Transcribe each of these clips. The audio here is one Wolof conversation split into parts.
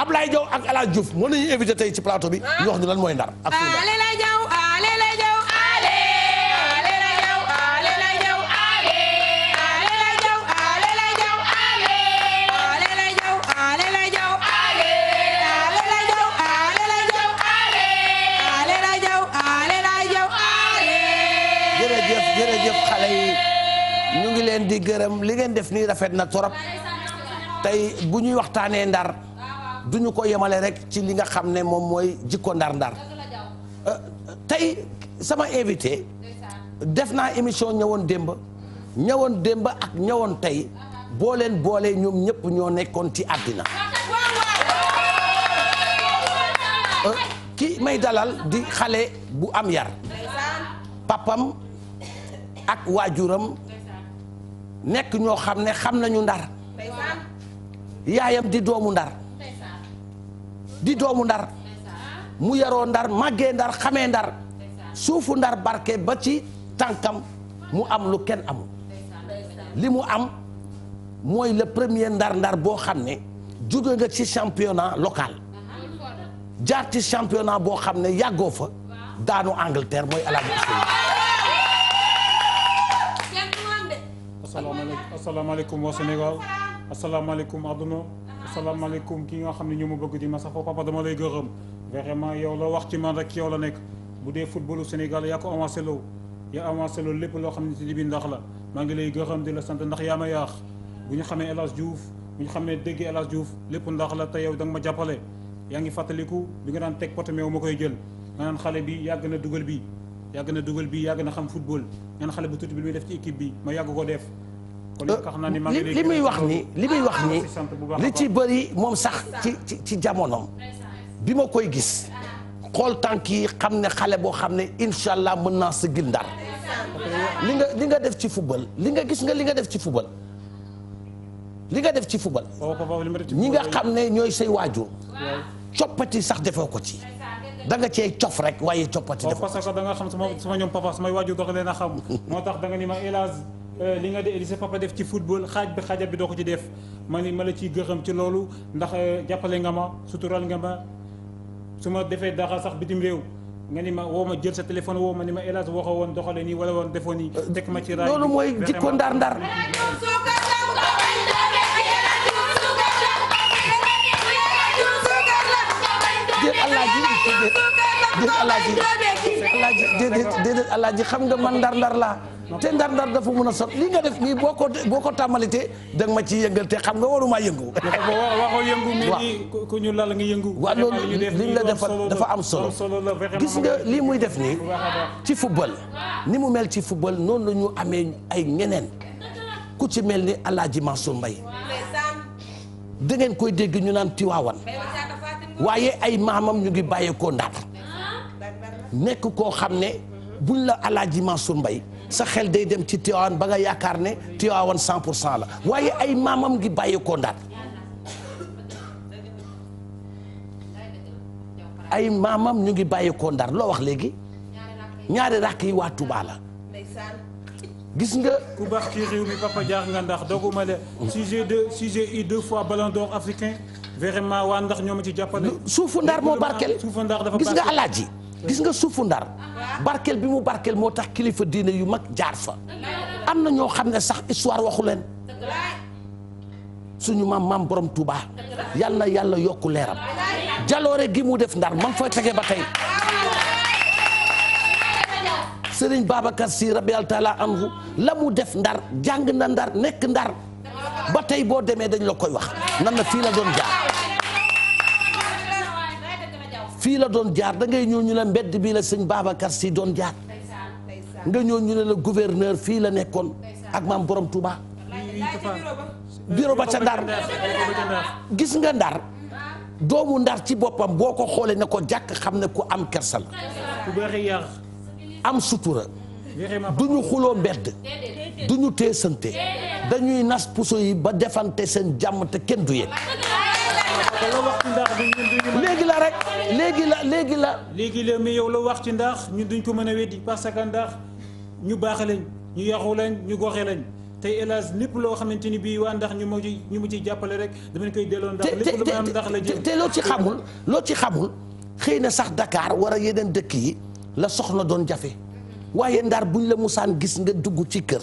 Ablaye Diaw ak El Hadj Diouf moo nañu invité tey ci plateau bi ñu wax ñu lan mooy ndar ak ñu ngi leen di gërëm li ngeen def nii rafet na torop tey bu ñuy waxtaanee ndar du ñu ko yemale rek ci li nga xam ne moom mooy jikko ndar-ndar euh, tey sama invité def naa émission ñëwoon démb mm-hmm. ñëwoon démb ak ñëwoon tey uh-huh. boo boole ñoom ñëpp ñoo nekkoon ci àddina euh, ki may dalal di xale bu am yar papam ak waajuram nekk ñoo xam ne xam nañu ndar yaayam di doomu ndar di doomu ndar mu yaroo ndar màggee ndar xamee ndar suufu ndar barke ba ci tànkam mu am lu kenn amul li mu am mooy le premier ndar ndar boo xam ne jóge nga ci championnat local jaar ci championnat boo xam ne yàggoo fa daanu Angleterre mooy alaaji asalaamaaleykum asalaamaaleykum waa asalaamaaleykum ki nga xam ne ñu ma bëgg di ma safoo papa dama lay gërëm vraiment yow la wax ci man rek yow la nekk bu dee footballu Sénégal yaa ko avancé loo yaa avancé loo lépp loo xam ne ci bi ndax la maa ngi lay gërëm di la sant ndax yaa ma yaax bu ñu xamee El Hadj Diouf bu ñu xam ne dëgg Hadj Diouf lépp ndax la te yow danga ma jàppale yaa ngi fàttaliku bi nga daan teg pote meew ma koy jël nga naan xale bi yàgg na dugal bi yàgg na dugal bi yàgg na xam football nga naan xale bu tuuti bi muy def ci équipe bi ma yàgg ko def Euh, li muy wax ni li muy wax ni ah, li ci bari moom sax ci ci ci jamonoom bi ma koy gis xool tànk yi xam ne xale boo xam ne incha allah mën naa sa gil ndar li nga li nga def ci football li nga gis nga li nga def ci football li nga def ci football ñi nga xam ne ñooy say waajur coppati sax defoo ko ci da nga cee cof rek waaye coppati defoo ko ci parce que da nga xam sama sama ñoom papa samay waajur dox leen a xam moo tax da nga ni ma élage Euh, li nga de li sa papa def ci football xaaj bi xaaja bi doo ko ci def ma ni ma la ciy gërëm ci loolu ndax euh, jàppale nga ma sutural nga ma su ma defee dara sax bitim réew nga ni ma woo ma jël sa téléphone woo ma ni ma hélas waxoo woon doxale nii wala woon defoon nii teg ma ci raay loolu mooy jikko ndar ndar déedéet alaaji xam nga man ndar ndar laa te ndar ndar dafa mën a sot li nga def nii boo ko boo ko tàmmalitee da ma ci yëngal te xam nga warumaa yëngu waxoo yëngu mais ku ñu lal nga yëngu waaw loolu liñ la defal dafa am solo gis nga lii muy def nii ci football ni mu mel ci football noonu la amee ay ngeneen ku ci mel ni Alaaji Mansour Mbaye da ngeen koy dégg ñu naan Tiwaawan waaye ay maamam ñu ngi bàyyeekoo Ndar nekk koo xam ne buñ la Alaaji Mansour Mbaye sa xel day dem ci Tiwaawan ba nga yaakaar ne Tiwaawan 100 pour cent la waaye ay maamam ngi bàyyi ko Ndar ay maamam ñu ngi bàyyi ko Ndar loo wax léegi ñaari rakk yi waa Touba la gis nga. ku baax ci réew mi papa jaar nga ndax doguma la. sujet de sujet i deux fois ballon d'or africain vraiment waa ndax ñoo ma ci jàppale. suufu Ndar moo barkeel gis nga alaaji gis nga suufu ndar barkeel bi mu barkeel moo tax kilifa diine yu mag jaar fa am na ñoo xam ne sax histoire waxu leen suñu maam maam borom Touba yàlla na yàlla yokk leeram jaloore gi mu def ndar man fooy tege ba tey Serigne Babacar Sy rabial taala anhu la mu def ndar jàng na ndar nekk ndar ba tey boo demee dañ la koy wax nan na fii la doon jaar fii la doon jaar da ngay ñëw ñu ne mbedd bii la sëñ Babacar si doon jaar nga ñëw ñu la gouverneur fii la nekkoon ak maam borom Touba. bureau ba ca ndar gis nga ndar doomu ndar ci boppam boo ko xoolee ne ko jàkk xam ne ku am kersa la am sutura du ñu xuloo mbedd du ñu teesante dañuy nas puso yi ba defante seen jàmm te kenn du yëg léegi la rek léegi la léegi la. léegi la yow la wax ci ndax ñun duñ ko mën a weddi parce que ndax ñu baax lañ ñu yaxu lañ ñu goxe lañ tey hélas lépp loo xamante ni bii waa ndax ñu ma ci ñu ma ciy jàppale rek dama koy delloo ndax lépp lu ma am ndax la jëm te loo ci xamul loo ci xamul xëy na sax dakaar war a yeneen dëkk yi la soxna doon jafe waaye ndar buñ la musaan gis nga dugg ci kër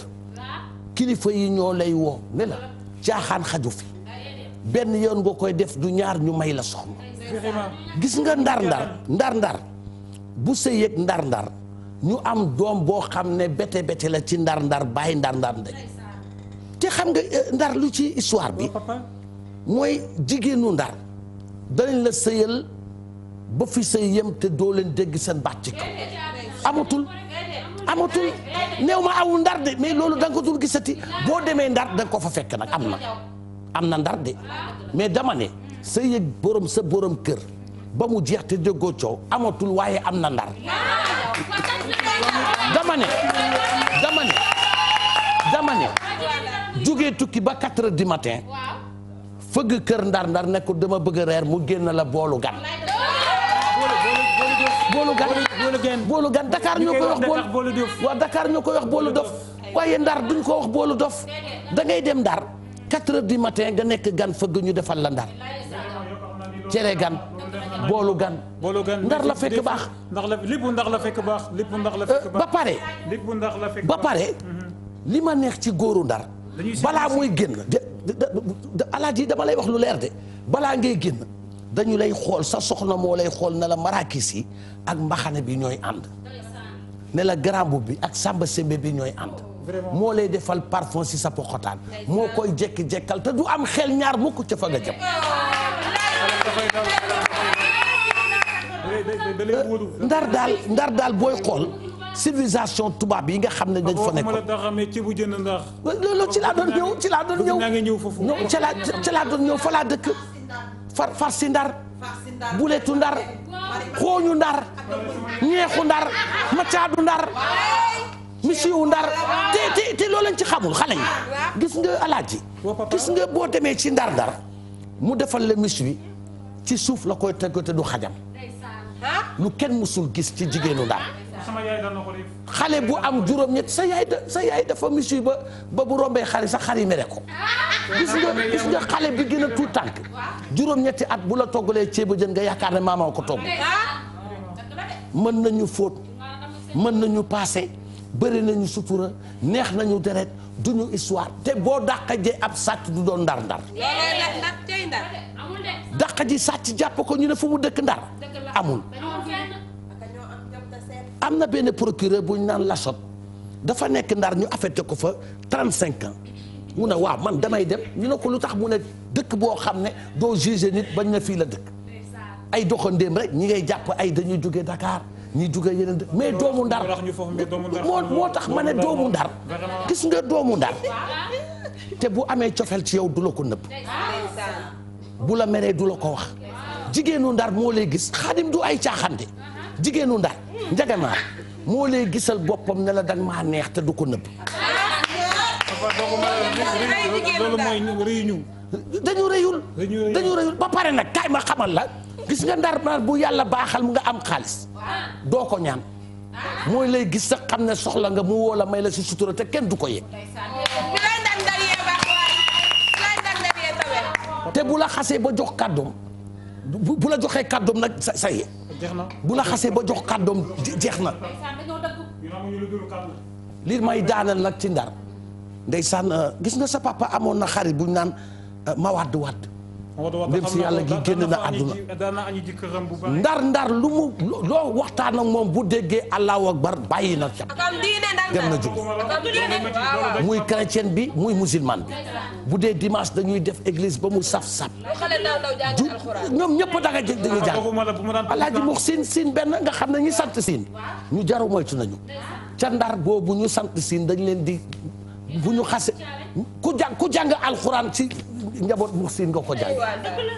kilifa yi ñoo lay woo ne la caaxaan xaju fi. benn yoon nga koy def du ñaar ñu may la soxna gis nga ndar-ndar ndar-ndar bu sëy ak ndar-ndar ñu am doom boo xam ne bete bete la ci ndar-ndar bàyyi ndar-ndar te xam nga euh, ndar lu ci histoire bi mooy jigéenu ndar danañ la sëyal ba fi sëy yem te doo leen dégg seen baat ci kaw amatul amatul néew ma awul ndar de mais loolu da ko dul gisati boo demee ndar da ko fa fekk nag am na. am na ndar de mais dama ne sa yëg borom sa borom kër ba mu jeex te déggoo coow amatul waaye am na ndar dama ne dama ne dama ne jógee tukki ba 4 heures du kër ndar ndar ne dama bëgg reer mu génn la boolu gan boolu gan boolu gan ñoo koy wax boolu waaw Dakar ñoo koy wax boolu dof waaye ndar duñ ko wax boolu dof da dem ndar quatre heures du matin nga nekk gan fëgg ñu defal la ndar cere gan boolu gan boolu gan ndar la fekk baax ndax la lépp ndax la fekk baax lépp ndax euh, la fekk ba pare lépp ndax ba pare li ma neex ci góoru ndar balaa muy génn alaaji dama lay wax lu leer de balaa ngay génn dañu lay xool sa soxna moo lay xool ne la maraakis yi ak mbaxane bi ñooy ànd ne la garambu bi ak sàmba sembe bi ñooy ànd moo lay defal parfum si sa poqotaan moo koy jekki-jekkal te du am xel ñaar mukk ca fa nga jëm ndar daal ndar daal booy xool civilisation tubaab yi nga xam ne dañ fa nekk loolu ci laa doon ñëw ci laa doon ñëw ci laa ci laa ñëw fa laa dëkk far far si ndar buletu ndar xooñu ndar ñeexu ndar macaadu ndar monsieur wu ndar te te te loo ci xamul xale yi gis nga alaaji gis nga boo demee ci ndar ndar mu defal la miss bi ci suuf la koy teg te du xajam lu kenn mësul gis ci jigéenu ndar xale bu am juróom-ñett sa yaay dafa miss ba ba bu rombee xari sax xari mere ko gis nga gis nga xale bi gën a tuut tànk juróom-ñetti at bu la toggalee ceebu jën nga yaakaar ne maamaa ko togg mën nañu fóot mën nañu paase bëri nañu sutura neex nañu deret duñu histoire te boo dàq ji ab sàcc du doon ndar ndar dàq ji sàcc jàpp ko ñu ne fu mu dëkk ndar amul am na benn procureur bu ñu naan sot dafa nekk ndar ñu affecté ko fa cinq ans mu ne waaw man damay dem ñu ne ko lu tax mu ne dëkk boo xam ne doo juger nit bañ na fii la dëkk ay doxandéem rek ñi ngay jàpp ay dañuy jóge dakaar ñi jugee yeneen mais doomu ndar moo moo tax ma ne doomu ndar gis nga doomu ndar te bu amee cofeel ci yow du la ko nëbb bu la meree du la ko wax jigéenu ndar moo lay gis xaadim du ay caaxante jigéenu ndar njagamaar moo lay gisal boppam ne la danga maa neex te du ko nëbb loolu mooy réunion dañu rëyul dañu rëyul ba pare nag kaay ma xamal la gis nga ndar ndar bu yàlla baaxal mu nga am xaalis doo ko ñaan mooy lay gis sa xam ne soxla nga mu woo la may la si sutura te kenn du ko yëg te bu la xasee ba jox kàddoom bu la joxee kàddoom nag sa sa bu la xasee ba jox kàddoom jeex na li may daanal nag ci ndar ndeysaan euh, gis nga sa papa amoon na xarit buñ naan Euh, ma wadd wadd dem si yàlla gi génn na àdduna ndar ndar lu mu loo waxtaan ak moom bu déggee allahu akbar bàyyi na ca dem na jóge muy chrétien bi muy musulman bi bu dee dimanche dañuy def église ba mu saf saf ju ñoom ñëpp danga jëg dañuy jàng alaaji mux siin siin benn nga xam ne ñu sant sin ñu jaru moytu nañu ca ndar boobu ñu sant siin dañ leen di bu ñu xase ku jàng ku jàng alxuraan si njaboot Muhsin nga ko jàng.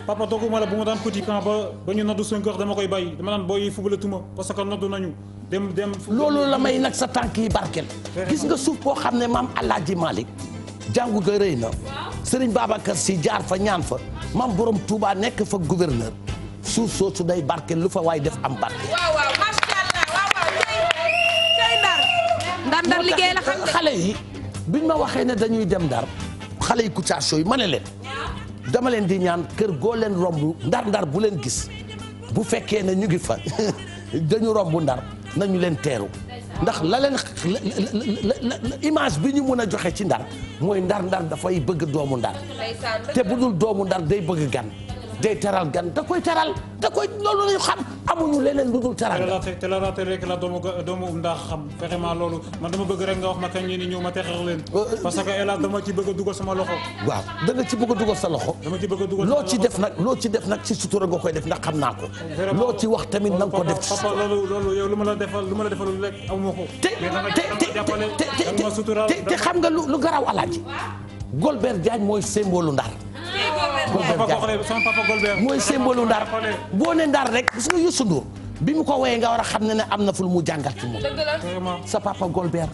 papa dooguma la bu ma daan petit camp ba ba ñu noddu suñu kër dama koy bàyyi dama daan booy fubalatuma parce que noddu nañu dem dem. loolu la may nag sa tànk yi barkel gis nga suuf boo xam ne maam Alaaji Malick jàngu ga rëy na Serigne Babacar si jaar fa ñaan fa maam borom Touba nekk fa gouverneur suuf soosu day barkel lu fa waay def am barke. waaw liggéey la xale yi. biñ ma waxee ne dañuy dem ndar xale yi Kouthia Show yi ma ne leen dama leen di ñaan kër goo leen romb ndar ndar bu leen gis bu fekkee ne ñu ngi fa dañu romb ndar nañu leen teeru ndax la leen image bi ñu mën a joxe ci ndar mooy ndar ndar dafay bëgg doomu ndar te bu dul doomu ndar day bëgg gan day teral gan da koy teral da koy loolu lañu xam amuñu leneen lu dul teral te la raté rek la doomu doomu ndax xam vraiment loolu man dama bëgg rek nga wax ma kañ ngeen ñëw ma texal leen euh, euh. parce que ci bëgg a dugal sama loxo waaw da nga ci bëgg a dugal sa loxo dama ci bëgg a loo ci def nag loo ci def nag ci sutura nga koy def ndax xam naa ko loo ci wax tamit na nga ko def ci sutura loolu lu ma la defal lu ma la defal rek amoo ko te te te te xam nga lu garaw alaaji Golbert Diagne mooy symbole Ndar mooy symbole ndar boo ne ndar rek gis nga Youssou Ndour bi mu ko woyee nga war a xam ne ne am na ful mu jàngal ci moom sa papa Golbert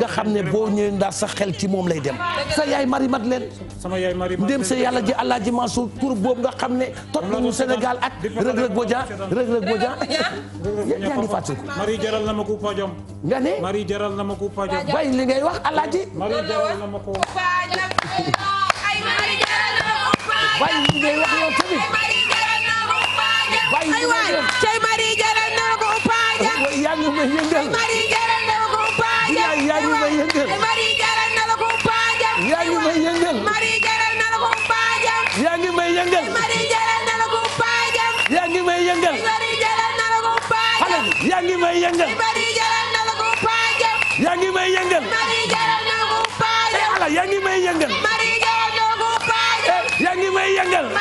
nga xam ne boo ñëwee ndar sa xel ci moom lay dem sa yaay Marie Madeleine ndem sa yàlla ji El Hadji Mansour tur boobu nga xam ne tot nañu Sénégal ak Reug Reug Bodian Reug Reug Bodian yaa ngi fàttaliku Marie jaral na ma ko pajom nga ne Marie jaral na ma ko pajom bay li ngay wax El Hadji Marie ko waaye li ngay wax yow tamit. waaye li ngay wax tey mari jaral na ko upaaja. yaa ngi may yëngal. mari jaral na ko upaaja. yaa ngi may yëngal. mari jaral na ko upaaja. yaa ngi may yëngal. mari jaral na ko upaaja. yaa ngi may yëngal. mari jaral na ko upaaja. yaa ngi may yëngal. mari jaral na ko upaaja. xale bi yaa ngi may yëngal. mari jaral na ko upaaja. yaa ngi may yëngal. mari jaral na ko upaaja. ala yaa ngi may yëngal. yëngal